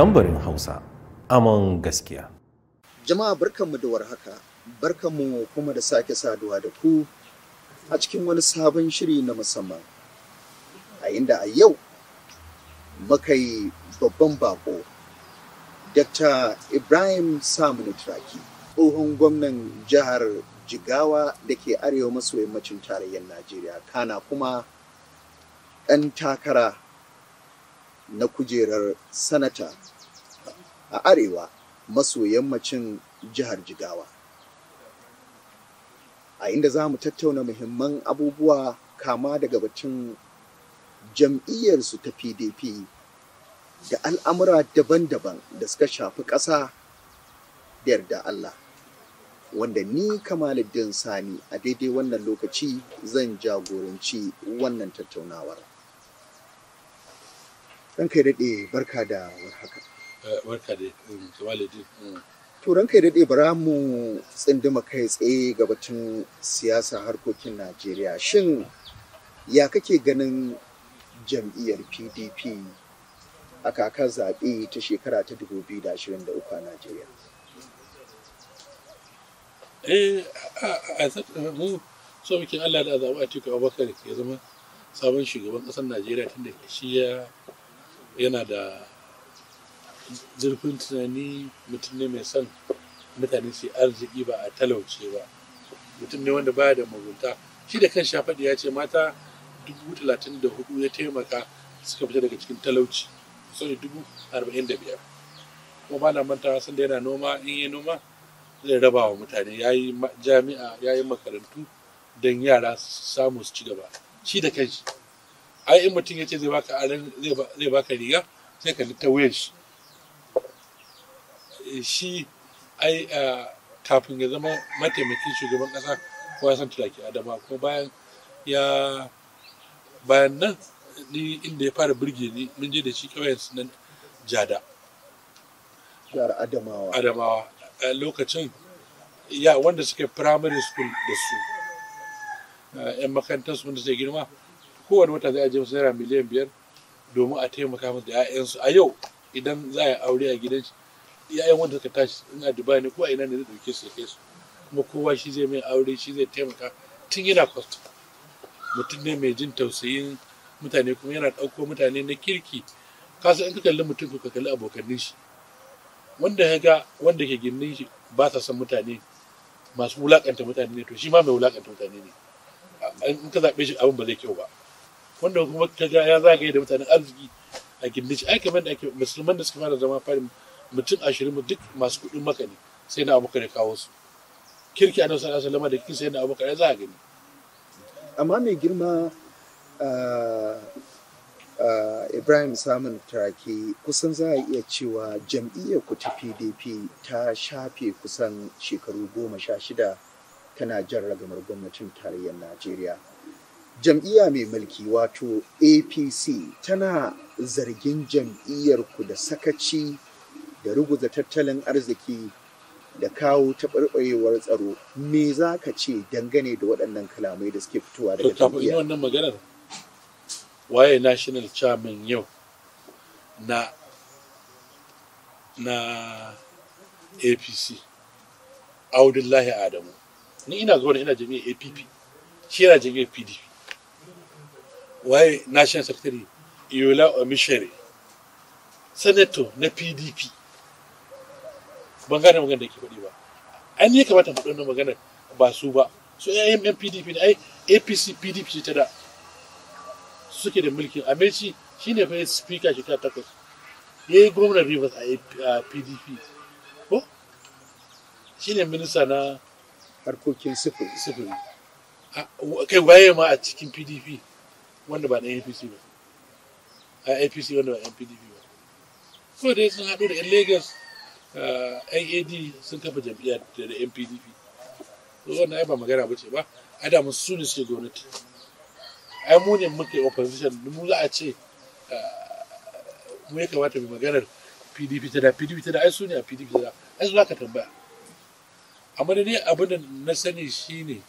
tambarin Hausa, aman gaskiya. Jama'a barkanmu da warhaka, barkanmu kuma da sake saduwa da ku a cikin wani sabon shiri na musamman. A inda a yau makai babban bako, Dr. Ibrahim Saminu Traki, tsohon gwamnan jihar Jigawa da ke arewa maso yammacin tarayyar Najeriya, kana kuma ɗan takara na kujerar sanata a arewa maso yammacin jihar jigawa a inda za mu tattauna muhimman abubuwa kama daga batun jam'iyyarsu ta pdp da al'amura daban-daban da suka shafi ƙasa da yarda allah wanda ni kamaluddin sani a daidai wannan lokaci zan jagoranci wannan tattaunawar. ran kai daɗe barka da warhaka eh, barka da mm, kamaluddin mm. to ran kai daɗe bara mu tsinduma kai tsaye ga batun siyasa harkokin najeriya shin ya kake ganin jam'iyyar pdp a kakar zaɓe ta shekara ta 2023 a najeriya eh a mu so muke allah da zaɓa a tuka abubakar ya zama sabon shugaban ƙasar najeriya tun da shi ya yana da zurfin tunani mutum ne mai son mutane su arziki ba a talauce ba mutum ne wanda baya da mugunta shi da kan shafaɗi ya ce mata dubu talatin da hudu ya taimaka suka fita daga cikin talauci so ne dubu arba'in da biyar kuma ba na manta sun da yana noma in yi noma zai raba wa mutane ya yi jami'a ya yi makarantu don yara su samu su ci gaba shi da kanshi ai in mutum ya ce zai baka aran zai baka riga sai ka ta wuyan shi shi ai kafin ya zama mataimakin shugaban kasa ko ya san turaki adama ko bayan ya bayan nan ni inda ya fara birge ni mun je da shi kawai su nan jada jihar adamawa adamawa lokacin ya wanda suke primary school da su yan makarantar su wanda suke girma kowane wata zai ajiye musu naira miliyan biyar domin a taimaka masa da 'ya'yansu a yau idan za a aure a gidan shi 'ya'yan wanda suka tashi ina da dubai ne ko a ina ne zai dauke su kai su kuma kowa shi zai mai aure shi zai taimaka tun yana kwasta mutum ne mai jin tausayin mutane kuma yana ɗauko mutane na kirki kasa in ka kalli mutum ka kalli abokanin shi wanda ya ga wanda ke gindin shi ba sa son mutane masu wulakanta mutane ne to shi ma mai wulakanta mutane ne in ka zaɓe shi abin ba zai kyau ba wanda kuma ga ya zagaye da mutanen arziki a gindin shi ai kamar da ake musulman da suka fara zama fari mutum ashirin mu duk masu kuɗin maka ne sai na abubakar ya kawo su kirki a nan sana'a salama da kin sai na abubakar ya za a gani amma mai girma ah, ah, Ibrahim Samun Taraki kusan za a iya cewa jam'iyyar ku ta PDP ta shafe kusan shekaru goma sha shida tana jan ragamar gwamnatin tarayyar Najeriya. jam'iyya mai mulki wato apc tana zargin jam'iyyarku da sakaci da ruguza tattalin arziki da kawo taɓarɓarewar tsaro me za ka ce dangane da waɗannan kalamai da suke fitowa daga jam'iyyar wannan maganar waye national chairman yau na na apc audullahi adamu ni ina zuwa ina jami'a app shi yana jami'a pdp waye national secretary yola omishere senator na pdp ban gane magana da ke faɗi ba an ne kamata faɗi wannan magana ba su ba su yayin yan pdp ne ai apc pdp ce ta da suke da mulkin ameci shine fa speaker ta takwas ya yi gwamnan rivers a pdp ko shine minista na harkokin sifiri kai waye ma a cikin pdp wanda ba ɗan apc ba a apc wanda ba ɗan pdp ba ko dai sun haɗu da 'yan lagos AD ah, sun kafa jam'iyya da 'yan pdp wannan ai ba magana ba ce ba a da su ne suke gwamnati ai mu ne muke opposition mu za a ce ah, mu ya kamata mu maganar pdp ta da pdp ta da ai su ne a pdp ta da ai su za ka tambaya amma dai abin da na sani shine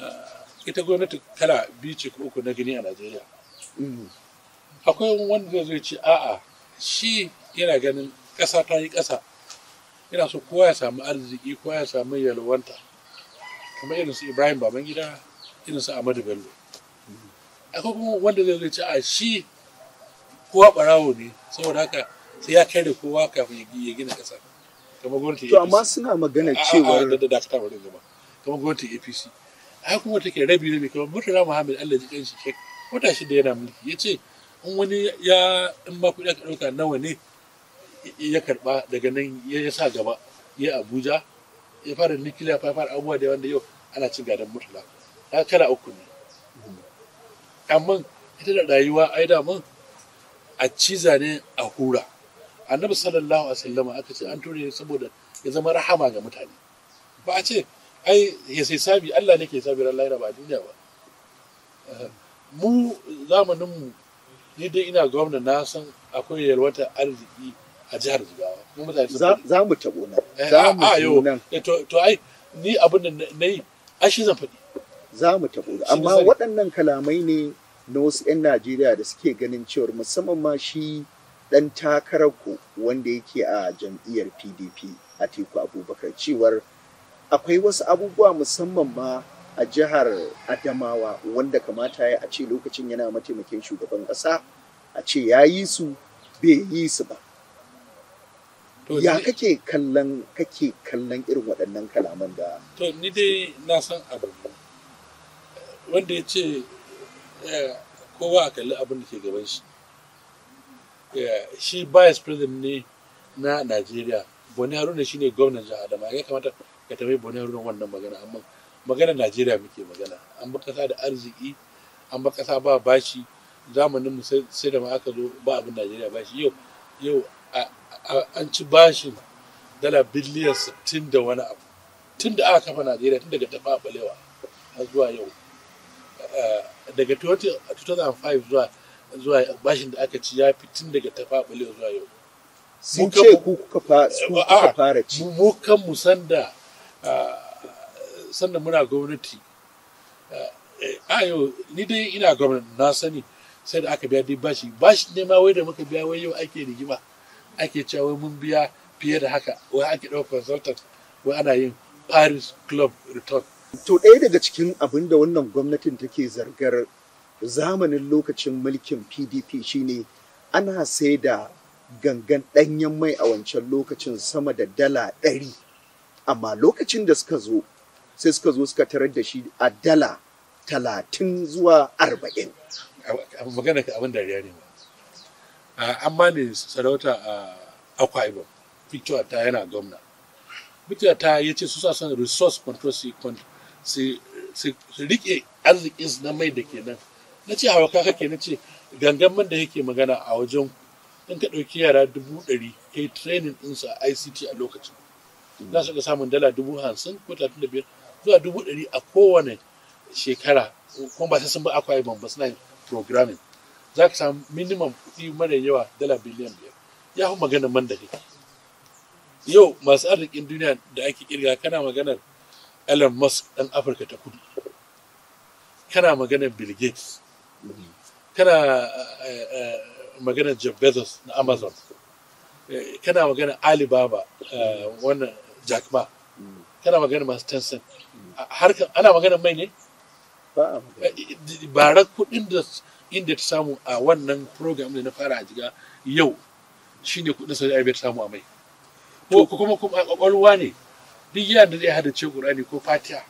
ah, ita gwamnati kala biyu ce ko uku na gini a najeriya mm. akwai wanda zai ce a'a shi yana ganin ƙasa ta yi ƙasa yana so kowa ya samu arziki kowa ya samu yalwanta kamar irin su ibrahim babangida irin su ahmadu bello mm. akwai kuma wanda zai zai ce a shi kowa barawo ne saboda haka sai ya kai da kowa kafin ya gina ƙasa kamar gwamnati to amma suna magana cewa da da ta wurin gaba kamar gwamnati apc ai kuma take rabi rabi kamar murtala muhammad allah jikin shi ke wata shida yana mulki ya ce in wani ya in ma kuɗi aka ɗauka nawa ne ya karɓa daga nan ya sa gaba ya abuja ya fara nikila ya fara abubuwa da wanda yau ana cin gadon murtala ta kala uku ne amma ita da rayuwa ai da mun a ciza ne a hura annabi sallallahu alaihi wasallam aka ce an ture saboda ya zama rahama ga mutane ba a ce ai ya sai sabi Allah nake hisabi ran lahira ba a duniya ba mu zamanin mu ni dai ina gwamna na san akwai yalwata arziki a jihar Jigawa mu mutane za mu tabo nan eh, za mu tabo nan eh, to to ai ni abin da nayi ai shi zan faɗi za mu tabo amma waɗannan kalamai ne na wasu 'yan Najeriya da suke ganin cewar musamman ma shi ɗan takararku wanda yake a jam'iyyar PDP a Abubakar cewar akwai wasu abubuwa musamman ma a jihar adamawa wanda kamata ya a ce lokacin yana mataimakin shugaban ƙasa a ce ya yi su bai yi su ba ya kake kallon kake kallon irin waɗannan kalaman da to ni dai na san abu wanda ya ce kowa a kalli abin da ke gaban shi shi vice president ne na najeriya bani haruna shine gwamnan jihar adamawa ya kamata ka tafi bane ruwan wannan magana amma maganar najeriya muke magana an ba kasa da arziki an ba kasa ba bashi zamanin mu sai da ma aka zo ba abin najeriya bashi yau yau an ci bashin dala biliyan sittin da wani abu tun da aka kafa najeriya tun daga tafa balewa har zuwa yau daga 2005 zuwa zuwa bashin da aka ci ya fi tun daga tafa balewa zuwa yau sun ce ku kuka fara ci mu kan mu sannan muna gwamnati eh, a yau ni dai ina gwamnati na sani sai da aka biya duk bashi bashi ne ma wai da muka biya wai yau ake rigima ake cewa mun biya fiye da haka wai ake ɗaukar consultant wai ana yin paris club return to ɗaya daga cikin abin da wannan gwamnatin take zargar zamanin lokacin mulkin pdp shine ana sai da gangan ɗanyen mai a wancan lokacin sama da dala ɗari amma lokacin da suka zo sai suka zo suka tarar da shi a dala talatin zuwa arba'in magana ka abin dariya ne amma ne sarauta a akwa ibo victor ta yana gwamna victor ta ya ce su sa son resource control su rike arzikin na mai da ke nan na ce hawa kaka ke na ce gangan da yake magana a wajen in ka ɗauki yara dubu ɗari kai training ɗinsu a ict a lokacin za su ga samun dala dubu hamsin ko talatin da biyar zuwa dubu ɗari a kowane shekara kuma ba sai sun ba akwai ban ba suna yin programming za ka samu minimum kuɗi mara yawa dala biliyan biyar ya fi maganar man da kake yau masu arzikin duniya da ake kirga kana maganar Elon Musk ɗan Afirka ta kudu kana maganar Bill Gates kana eh, eh, maganar Jeff Bezos na Amazon eh, kana maganar Alibaba wannan Jack Ma. Kana magana masu Tencent. Harkan ana magana mai ne? Ba a magana. Eh, eh, Bara kuɗin da inda ta samu a wannan program da na fara a jiga yau shi shine kuɗin Saudi Arabia ta samu a mai. Ko kuma kuma a ƙwaƙwalwa ne. Duk yaran da zai haddace Qur'ani ko Fatiha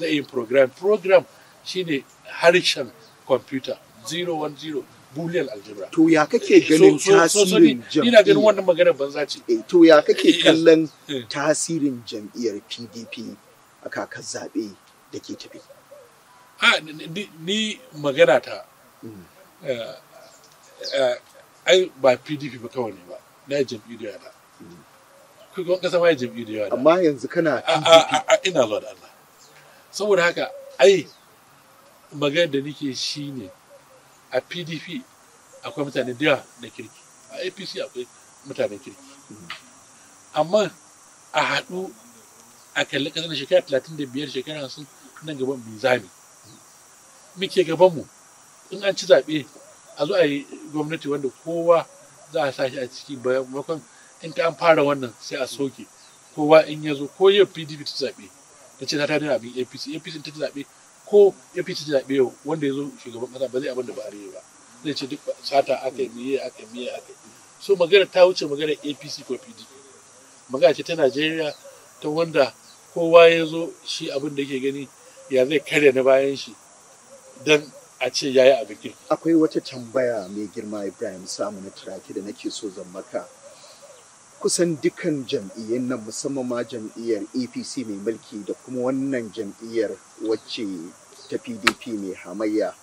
zai yi program. Program shi ne harshen kwamfuta 010 boolean algebra to ya kake ganin tasirin jam'iyyar ina ganin wannan magana banza ce eh, to ya kake kallon eh. tasirin jam'iyyar PDP a kakar zaɓe da ke tafi a ni magana ta hmm. eh, ai ba PDP ba kawai ne ba na jam'iyyar da yana hmm. kuma kasa ma jam'i da yana amma yanzu kana PDP ina zuwa da Allah saboda haka ai magana da nake shine ne a pdp akwai mutane da na kirki a apc akwai mutanen kirki amma a haɗu a kalli ƙasar shekara talatin da biyar shekara sun nan gaban mizami muke gabanmu in an ci zaɓe a zo a yi gwamnati wanda kowa za a sashi a ciki bayan in ta an fara wannan sai a soke kowa in ya zo ko yau pdp ta zaɓe ta ce ta ta abin apc apc ta zaɓe ko ya fice zaɓe yau wanda ya zo shugaban kasa ba zai abin da ba arewa ba zai ce duk sata aka yi miye aka yi miye aka yi so magana ta wuce magana apc ko pdp magana ce ta najeriya ta wanda kowa ya zo shi abin da yake gani ya zai karya na bayan shi don a ce yayi abin akwai wata tambaya mai girma ibrahim samu na turaki da nake so zan maka kusan dukkan jam'iyyar nan musamman ma jam'iyyar apc mai mulki da kuma wannan jam'iyyar wacce ta pdp mai hamayya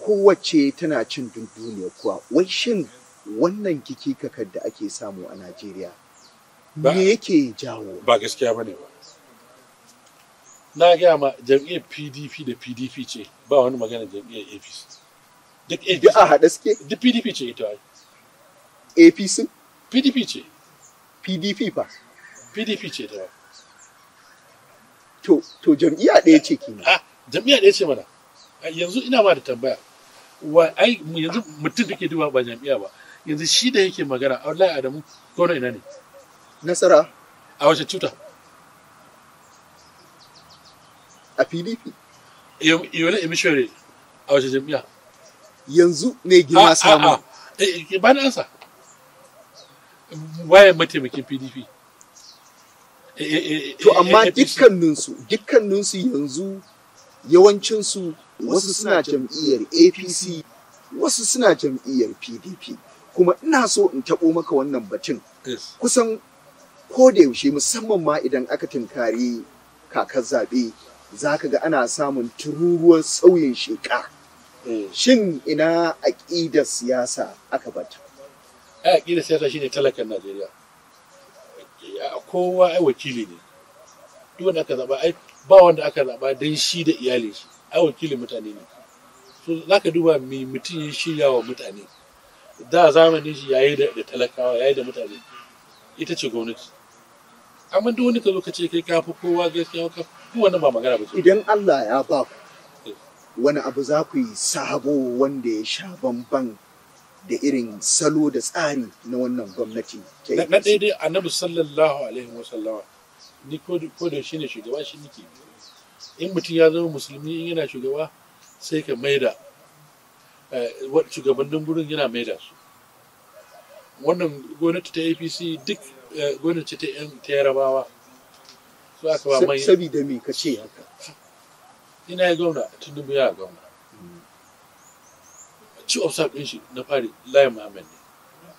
kowace tana cin dunduniya kuwa wai shin wannan kikikakar da ake samu a najeriya me yake jawo ba gaskiya ba ne ba na gaya ma jam'iyyar pdp da pdp ce ba wani magana jam'iyyar apc duk a haɗe suke duk pdp ce ita apc pdp ce pdp fa pdp ce da to to jam'iyya ɗaya ce kenan a ah, jam'iyya ɗaya ce mana ah, yanzu ina ma da tambaya wa ai yanzu mutum da ke duba ba jam'iyya ba yanzu shi da yake magana a wallahi adamu gona ina ne nasara a wace cuta a pdp yola emishore a wace jam'iyya yanzu ne girma ah, samu eh, eh, ba na ansa waye mataimakin pdp eh, eh, eh, to amma dukkaninsu dukkaninsu yanzu yawancinsu wasu suna jam'iyyar apc wasu suna jam'iyyar pdp kuma ina so in taɓo maka wannan batun kusan ko da yaushe musamman ma idan aka tunkari kakar zaɓe za ka ga ana samun tururuwar sauyin sheka shin ina aƙidar siyasa aka bata a aƙidar siyasa ne talakan najeriya kowa ai wakili ne duk wanda aka zaɓa ai ba wanda aka zaɓa don shi da iyalin shi ai wakili mutane ne so za ka duba mai mutum ya shirya wa mutane da zamanin shi yayi da talakawa yayi da mutane ita ce gwamnati amma duk wani ka zo ka ce kai kafi kowa gaskiya ka fi wannan ba magana ba ce idan Allah ya ba ku eh. wani abu za ku yi sabo wanda ya sha bamban da irin salo da tsari na wannan gwamnati ta yi na daidai annabi sallallahu alaihi wasallama ni ko da shi ne shugaba shi ke. in mutum ya zama musulmi in yana shugaba sai ka maida eh, shugabannin gurin yana maida su wannan gwamnati ta apc duk eh, gwamnati ta yan yarabawa su aka ba mai sabida me ka ce haka ina ya gwamna tun dubu ya gwamna ci of ɗin shi na fari layin muhammad ne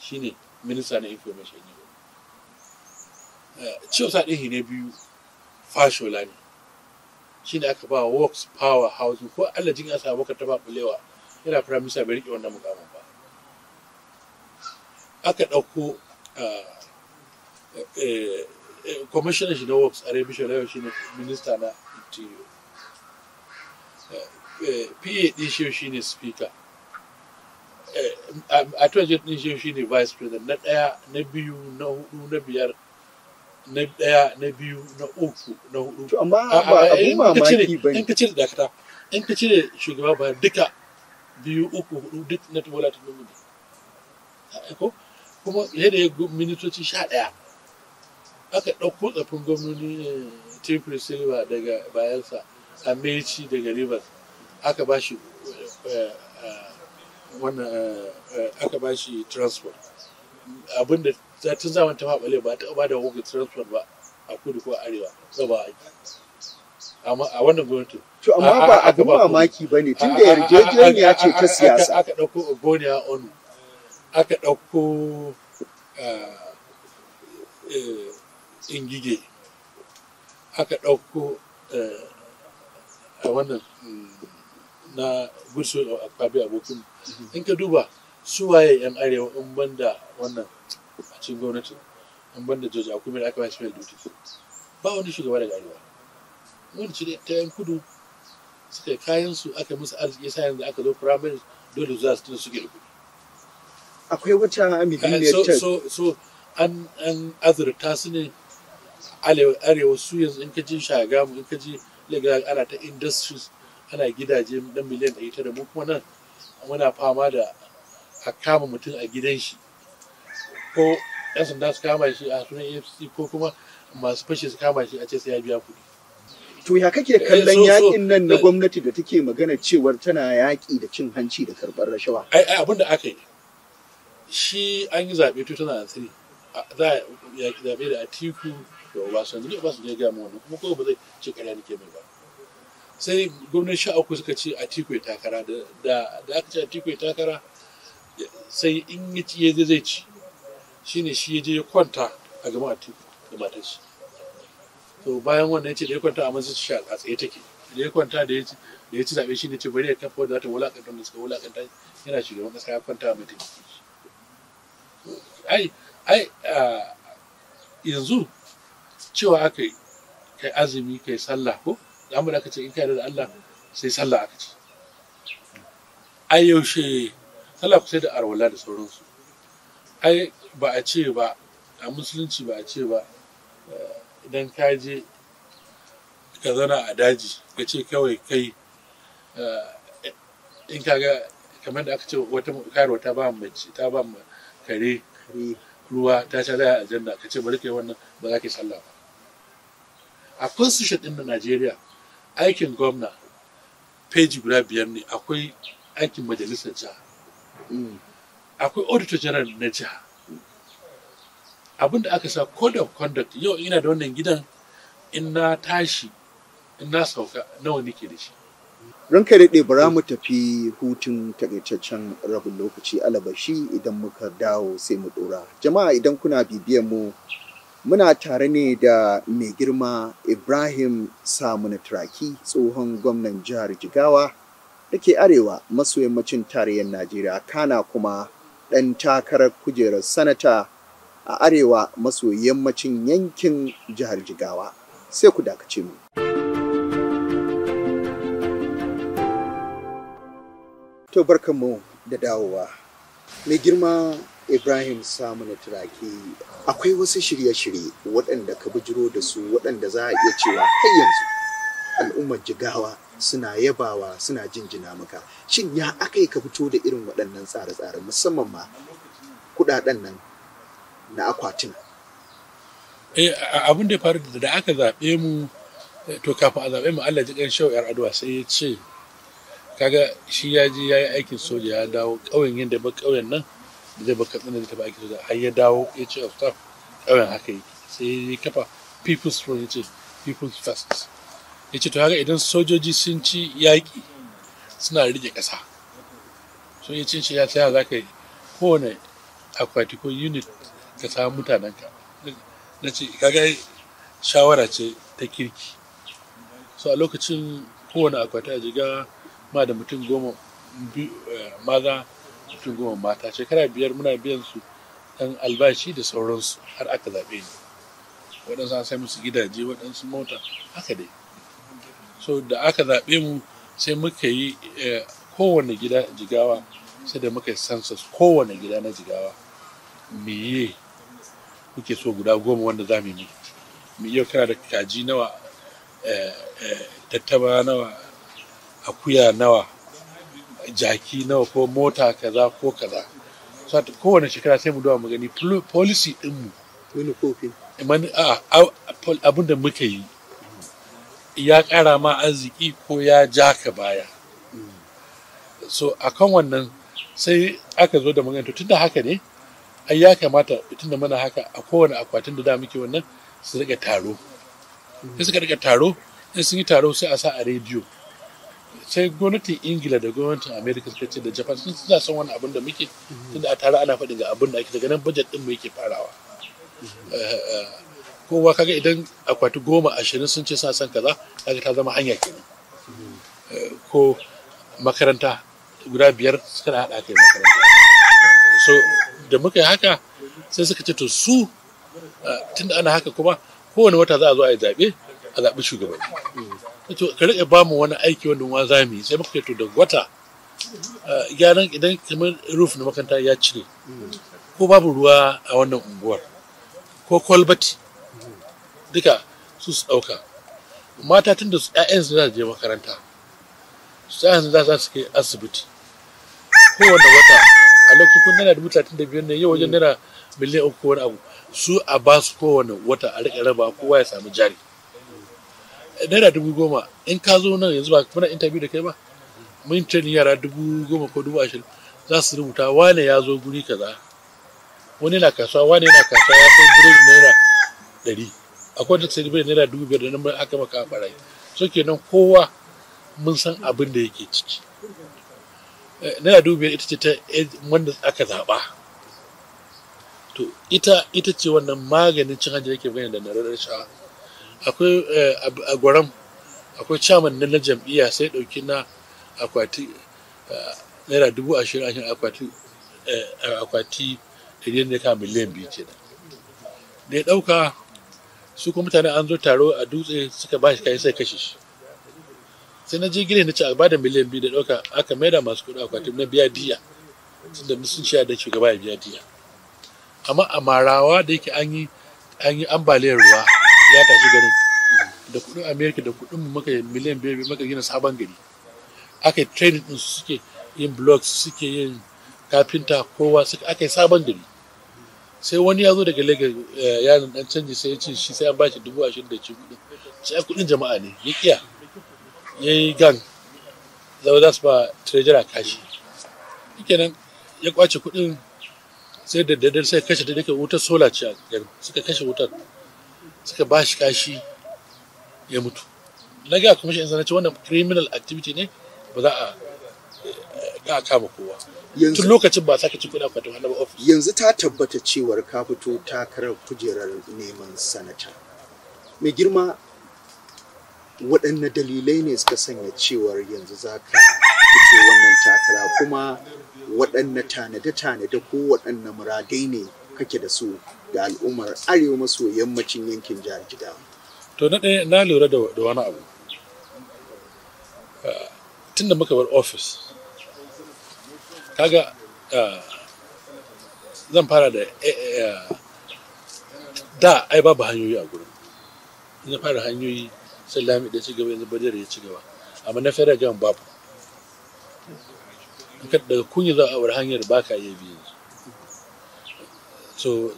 shine minista na information ne ci of shi ne biyu fashola ne shine aka ba works power housing ko Allah ya samu baka taba bulewa yana prime minister bai rike wannan mukamin ba aka ɗauko eh, eh, eh, commissioner shi na works a revision shi ne minista na interior PA ɗin shi shi ne speaker eh, attorney ɗin shi shi ne vice president na ɗaya na biyu na hudu na biyar na ɗaya na biyu na uku na hudu amma abun ba in ka cire dakata in ka cire shugaba ba duka biyu uku hudu duk na tubola ta nuna ko kuma yadda ya minitoci sha ɗaya aka ɗauko tsafin gwamnoni eh, tefri silva daga bayansa a meci daga rivers aka ba shi eh, eh, eh, aka ba shi transport abinda za ta zaman ta faɓale ba ta ba da hukun transport ba a kudu ko arewa za ba a amma a wannan gwamnati to amma ba abin mamaki ba ne tunda yarjejeniya ce ta siyasa aka ɗauko ogoniya onu aka ɗauko ingige aka ɗauko a wannan mm, na a akwabi abokin in ka duba su waye yan arewa in banda wannan a cikin gwamnati in banda george akume da aka bashi mai duty ba wani shugaba daga arewa wani cire ta yan kudu suka kayan su aka musu arziki sayan yanzu aka zo primary dole za su tuna suke da kudu akwai wacce amigiliyar eh, ta so so an an azurta su ne arewa su yanzu in ka ji shagamu in ka ji legal ana ta industries ana gidaje dan miliyan ɗari tara mu kuma nan muna fama da a kama mutum a gidan shi ko yan sanda su kama shi a sunan afc ko kuma masu fashe su kama shi a ce sai ya biya kuɗi to ya kake eh, kallon yakin nan na eh. gwamnati da take magana cewar tana yaƙi da cin hanci da karɓar rashawa ai ai abin da aka yi shi an yi zaɓe 2003 za a yaƙi zaɓe da atiku da obasanjo ne obasanjo ya gaya mu wannan kuma ko ba zai ce ƙarya nake mai ba sai gwamnati sha uku suka ce a tiko takara da aka ce a tiko takara sai in ya ciye zai ci ne shi ya je ya kwanta a gama a tiko da matar shi to bayan wannan ya ce da ya kwanta a masu shi a tsaye take da ya kwanta da ya ci zaɓe shi ne ce bari ya kafa wadda ta wulaƙanta da suka wulaƙanta yana shugaban ƙasa ya kwanta a mai ai ai yanzu cewa aka yi kai azumi kai sallah ko al'amari aka ce in ka da Allah sai sallah aka ce ai yaushe sallah sai da arwala da sauransu ai ba a ce ba a musulunci ba a ce ba eh, idan ka je ka zana a daji ka ce kawai kai eh, in ka ga kamar da aka ce wata karo ta ba mace ta ba kare ruwa ta sha da aljanna ka ce bari kai wannan ba za ka yi sallah ba a constitution din na Najeriya aikin gwamna peji guda biyar ne akwai aikin majalisar jiha mm. akwai auditor general na jiha abinda aka sa code of conduct yau ina da wannan gidan in na tashi in na sauka nawa nake da shi ranka daɗe bara mu tafi hutun takaitaccen rabin lokaci alabashi idan muka dawo sai mu ɗora jama'a idan kuna bibiyan mu Muna tare ne da mai girma Ibrahim Samuna Turaki tsohon gwamnan jihar Jigawa da ke arewa maso yammacin tarayyar Najeriya kana kuma ɗan takarar kujerar sanata a arewa maso yammacin yankin jihar Jigawa. Sai ku dakace mu. To barkanmu da dawowa. Mai girma Ibrahim Samuna Turaki akwai wasu shirye-shirye waɗanda ka bijiro da su waɗanda za a iya cewa har yanzu al'ummar jigawa suna yabawa suna jinjina maka shin ya aka yi ka fito da irin waɗannan tsare-tsare musamman ma kuɗaɗen nan na akwatin eh abin da ya faru da aka zaɓe mu eh, to kafin a zaɓe mu Allah ji shau yar adwa sai ya ce kaga shi ya je ya yi aikin soja ya dawo ƙauyen da ba ƙauyen nan da zai baka tsina da ta aiki da har ya dawo ya ce of staff kawai haka yi sai ya kafa people's front ya ce people's first ya ce to haka idan sojoji sun ci yaƙi suna rike ƙasa so ya cin shi ya tsaya za ka yi kowane akwati ko unit ka samu mutanenka na ce kaga shawara ce ta kirki so a lokacin kowane akwati a jiga ma da mutum goma eh, maza Mutum goma mata shekara biyar muna biyan su ɗan albashi da sauransu har aka zaɓe ni waɗansu an sai musu gidaje waɗansu mota haka dai so da aka zaɓe mu sai muka yi eh, kowane gida jigawa sai da muka yi census kowane gida na jigawa miye kuke so guda goma wanda za mu yi miye kana da kaji nawa eh, eh, tattaba nawa akuya nawa jaki nawa ko mota kaza ko kaza so kowane shekara sai mu duba mu gani policy dinmu manufofin abin da muka yi ya ƙara ma arziki ko ya ja ka baya so akan wannan sai aka zo da magana tunda haka ne ai ya kamata tunda muna haka a kowane akwatin da da muke wannan su rika taro sai suka rika taro in sun yi taro sai a sa a rediyo sai gwamnatin ingila da gwamnatin america suka ce da japan sun suna son wani abin da muke tunda a tare ana faɗi ga abin da ake daga nan budget din mu yake farawa eh, eh, kowa kaga idan akwati goma ashirin sun ce suna son kaza kaga ta zama hanya kenan eh, ko makaranta guda biyar suka haɗa kai makaranta so da muka yi haka sai suka ce to su tunda ana haka kuma kowane wata za a zo a yi zaɓe a zaɓi shugabanni to ka rike ba mu wani aiki wanda ma za mu yi sai muka to da gwata gyaran idan kamar roof na makaranta ya cire ko babu ruwa a wannan unguwar ko kwalbati duka su su ɗauka mata tun da su ƴaƴan su za su je makaranta su su za su ke asibiti ko wanda wata a lokacin kun dana dubu talatin da biyar ne yau wajen naira miliyan uku wani abu su a ba su kowane wata a rike raba kowa ya samu jari naira dubu goma in ka zo nan yanzu ba muna interview da kai ba mun ni yara dubu goma ko dubu ashirin za su rubuta wane ya zo guri kaza wani na kasuwa wane na kasuwa ya kai biredi naira ɗari akwai wanda sai biredi naira dubu biyar da nan aka maka a barayi so kenan kowa mun san abin da yake ciki eh, naira dubu biyar ita ce ta wanda aka zaɓa to ita ita ce wannan maganin cin hanji da yake bayyana da narar sha'a akwai eh, a gwaram akwai chairman na jam'iyya sai dauki na akwati eh, naira dubu ashirin ashirin akwati eh, akwati irin ne ka miliyan biyu ce da ya ɗauka su kuma mutane an zo taro a dutse suka ba shi kayan sai kashe shi sai na je gine na ce a bada miliyan biyu da ɗauka aka maida masu kuɗi akwatin na biya diya tunda sun ciya da shugaba ya biya diya amma a marawa da yake an yi ambaliyar ruwa ya tashi garin da kudin america da kudin maka miliyan biyar maka gina sabon gari aka yi training din su suke yin blocks suke yin kafinta kowa suka aka yi sabon gari sai wani ya zo daga lagos eh, yaron dan canji sai ya ce shi sai an ba shi dubu ashirin da ci kudin sai a kudin jama'a ne ya kiya ya yi gang zama za su ba trejara kashi kenan ya kwace kudin sai da daddare sai kashe da daga wutar sola ce a garin suka kashe wutar suka ba shi kashi ya mutu na ga kuma shi na ce wannan criminal activity ne ba za a ga kama kowa tun lokacin ba sake cikin kudin kwatan hannun ofis yanzu ta tabbata cewar ka fito takarar kujerar neman sanata mai girma waɗanne dalilai ne suka sanya cewar yanzu za ka fito wannan takara kuma waɗanne tanade-tanade ko waɗanne muradai ne kake da su ga al'ummar arewa maso yammacin yankin jihar jigawa to na ɗaya na lura da wani abu ah, tun da muka bar ofis kaga ah, zan fara da eh, eh, ah, da ai babu hanyoyi a gurin ina fara hanyoyi sai lami da ci gaba yanzu bajar ya ci gaba amma na fara gan babu daga kunya za a aure hanyar baka iya biyu so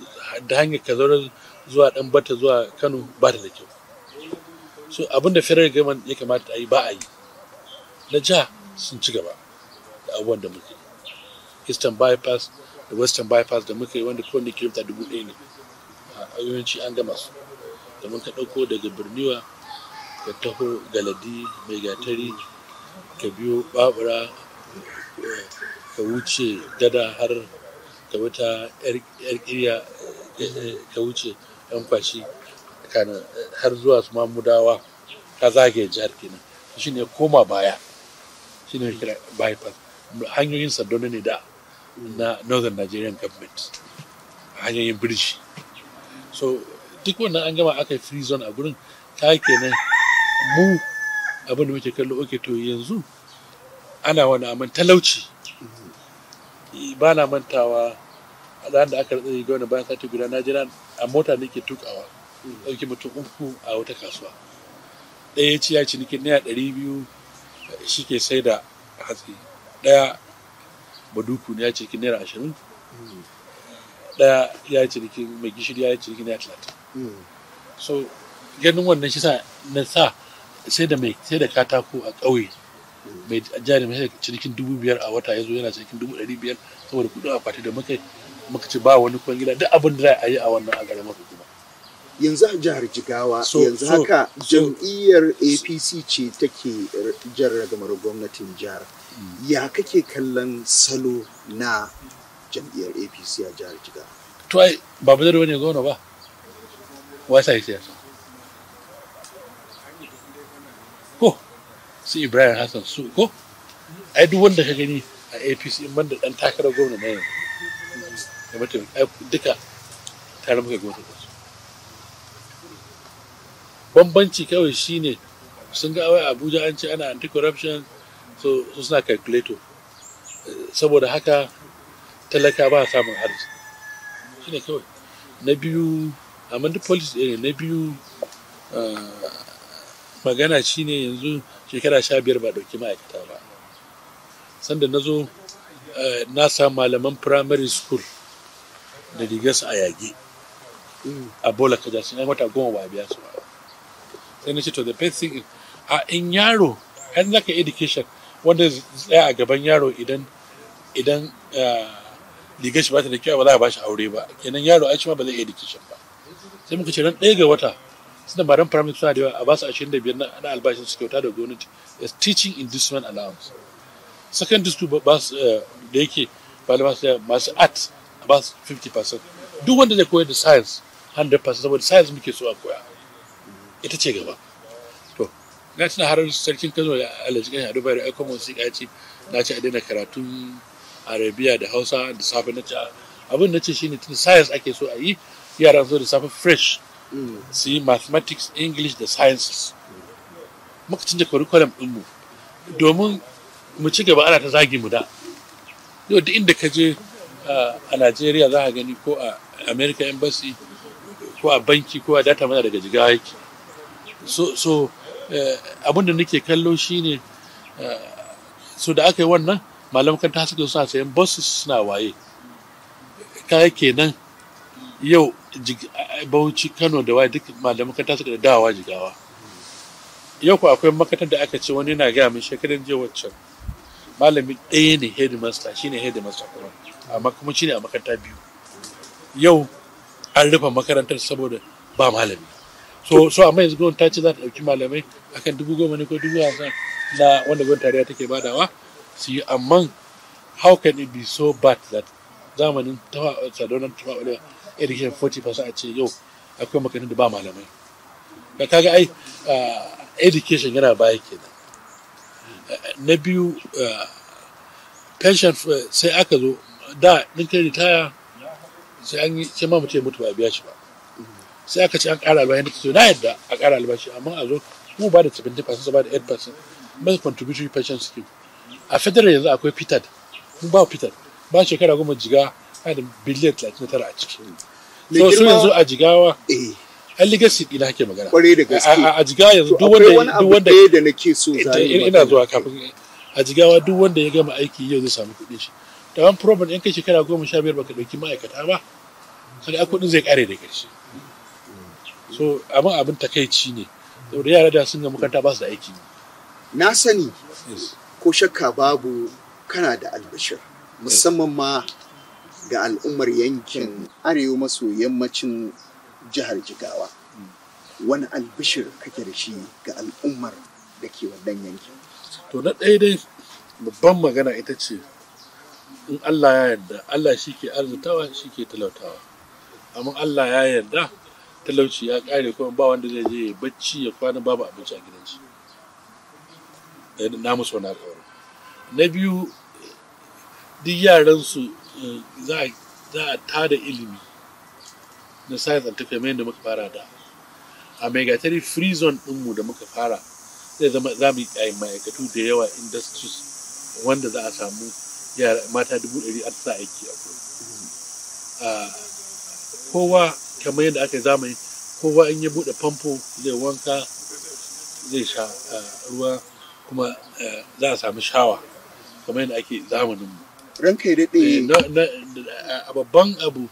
da hanyar kazarar zuwa dan bata zuwa kano ba da kyau so abinda firar gaman ya kamata a yi ba a yi na jiha sun ci gaba da abubuwan da muke eastern bypass da western bypass da muke wanda kowane kilomita dubu ɗaya ne a yawanci an gama su da mun ka ɗauko daga birniwa ka taho galadi mai gatari ka biyo babura eh, ka wuce gada har da wata yar kirya eh, eh, ta wuce yan kwashi eh, har zuwa su mudawa ta zagaye jihar kenan shi ne koma baya shi ne kira bypass hanyoyin sandoni ne da na northern nigerian government hanyoyin birji so duk wannan an gama aka free zone a gurin ta kenan mu abin da muke kallo oke to yanzu ana wani amin talauci ba na mantawa ran da aka rantsa gwamnati bayan sati guda na jira a mota nake tukawa ɗauki hmm. mutum uku a wata kasuwa ɗaya ci ya ci nake naira ɗari biyu shi ke sai da hatsi ɗaya baduku ya ci naira ashirin hmm. ɗaya ya ci nake mai gishiri ya ci nake naira talatin hmm. so ganin wannan shi sa na sa sai da mai sai da katako a ƙauye mai jari mai cinikin dubu biyar a wata ya zo yana cinikin dubu ɗari biyar saboda kuɗin akwati da muka muka ce ba wani kwangila duk abin da za a yi a wannan a garin kuma. yanzu a jihar jigawa yanzu haka jam'iyyar apc ce take jan ragamar gwamnatin jihar hmm. ya kake kallon salo na jam'iyyar apc a jihar jigawa to ai ba ba ne gona ba wasa yi siyasa? ko su ibrahim hassan su ko ai duk wanda ka gani a apc in banda dan takarar gwamnati na yanzu da mutum duka tare muka gota bambanci kawai shine sun ga awai abuja an ce ana anti-corruption so suna calculator saboda haka talaka ba samun arziki shine kawai na biyu amma duk policy ɗaya na biyu ah, magana shine yanzu shekara sha biyar ba ɗauki ma'aikata ba sanda na zo Eh, na sa malaman primary school da rigarsu a yage a bola kaja sun yi wata goma ba biya su sai na ce to the best thing is a in yaro an zaka education wanda tsaya a gaban yaro idan idan eh, rigar shi ba ta da kyau ba za a ba shi aure ba kenan yaro a ma ba zai education ba sai muka ce ran ɗaya ga wata suna ba ran primary suna da yawa a ba su 25 na albashin su kyauta da gwamnati is teaching inducement allowance secondary school ba su eh, da yake ba su masu art ba su 50% duk wanda zai koyar da science 100% saboda science muke so a koya ita ce gaba to na tuna har sarkin kano da alhaji kan yadu bayar aikon wasiƙa ce na ce a daina karatun arabiya da hausa da safe na ce abin na ce shine tun science ake so a yi yaran so da safe fresh su yi mathematics english da sciences muka canza curriculum ɗinmu domin mu ci gaba ana ta zagi mu da yau duk inda ka je a Najeriya za ka gani ko a America embassy ko a banki ko a data mana daga jiga yake so so eh, abin da nake kallo shine eh, so da aka yi wannan malam kan ta suka suna sayan buses suna waye yi kenan yau bauchi kano da waye duk malam kan ta suka da dawa jigawa yau ko akwai makatar da aka ce wani na gaya min shekarun je waccan Malamin ɗaya ne headmaster shine headmaster kuma amma kuma shine a makaranta biyu yau an rufe makarantar saboda ba malami so so amma yanzu gwamnati ta ce za ta ɗauki malamai akan dubu goma ne ko dubu hamsin na wanda gwamnati tariya take badawa su yi amma how can it be so bad that zamanin tuwa tafawa irishin 40% a ce yau akwai makarantar da ba malamai ka kaga ai ah, education yana baya kenan na biyu eh, pension eh, sai aka zo da ɗin kai ritaya sai an yi sai ma mutum mutu ba biya shi ba sai aka ce an ƙara albashi nake na yadda a ƙara albashi amma a zo mu ba da 70% ba da 8% mai contributory pension scheme a federal yanzu akwai pitad mu ba pitad ba shekara goma jiga a da biliyan 39 a ciki so su yanzu a jigawa eh. ai legacy dina kake magana kwarai da gaske a jiga yanzu duk wanda duk wanda da nake so eh, zai eh, ina zuwa kafin a jigawa duk wanda ya gama aiki yau zai samu kuɗin shi da wani problem in kai shekara goma sha biyar baka ɗauki ma'aikata ba kaga ai kuɗin zai ƙare da ƙarshe so abin abin takaici ne saboda yara da sun ga makaranta ba su da aiki na sani ko shakka babu kana da albashir musamman ma ga al'ummar yankin arewa maso yammacin jihar jigawa wani albishir kake da shi ga al'ummar da ke wannan yankin to na ɗaya dai babban magana ita ce in allah ya yarda allah shi ke arzutawa shi ke talautawa amma allah ya yarda talauci ya ƙare kuma ba wanda zai je bacci ya kwana babu abinci a gidan shi eh, na musu wani alƙawari na biyu duk yaransu eh, za a tada ilimi na science and tech da muka fara da a megatari free zone ɗinmu da muka fara zai zama za mu yi ma'aikatu da yawa industries wanda za a samu yara mata dubu ɗari a sa aiki a ah, kowa kamar yadda aka yi zamani kowa in ya buɗe famfo zai wanka zai sha ah, ruwa kuma eh, za a samu shawa kamar yadda ake mu. ranka ya daɗe eh, a babban abu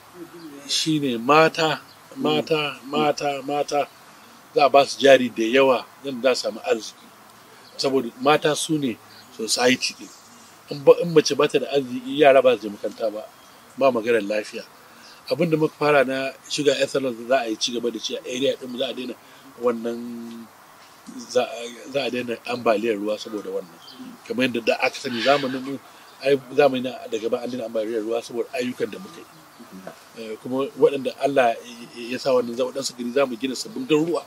shine mata mata mata mata za a ba su jari da yawa zan za samu arziki saboda mata su ne society din in mace bata da arziki yara ba su je makanta ba ba magaran lafiya abin da muka fara na shiga ethanol za a yi ci gaba da shi a area din za a daina wannan za a daina ambaliyar ruwa saboda wannan kamar yadda da aka sani zamanin mu ai zamanin daga ba an daina ambaliyar ruwa saboda ayyukan da muka yi Eh, kuma waɗanda Allah ya sa wannan zama ɗansu gari za mu gina sabbin garuruwa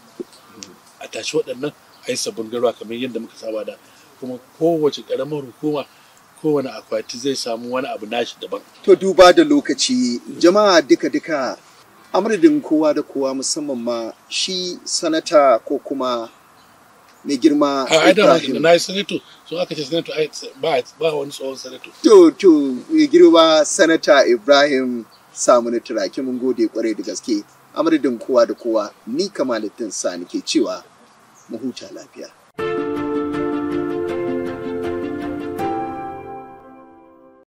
a tashi waɗannan a yi sabbin garuruwa kamar yadda muka saba da kuma kowace ƙaramar hukuma kowane akwati zai samu wani abu nashi daban. To duba da lokaci jama'a duka-duka amurdin kowa da kowa musamman ma shi sanata ko kuma mai girma a adam na yi sanato sun aka ce sanato ba wani tsohon sanato to to girma sanata ibrahim samu na turaki mun gode kwarai da gaske amurdin kowa da kowa ni kamaluddin sa ke cewa mu huta lafiya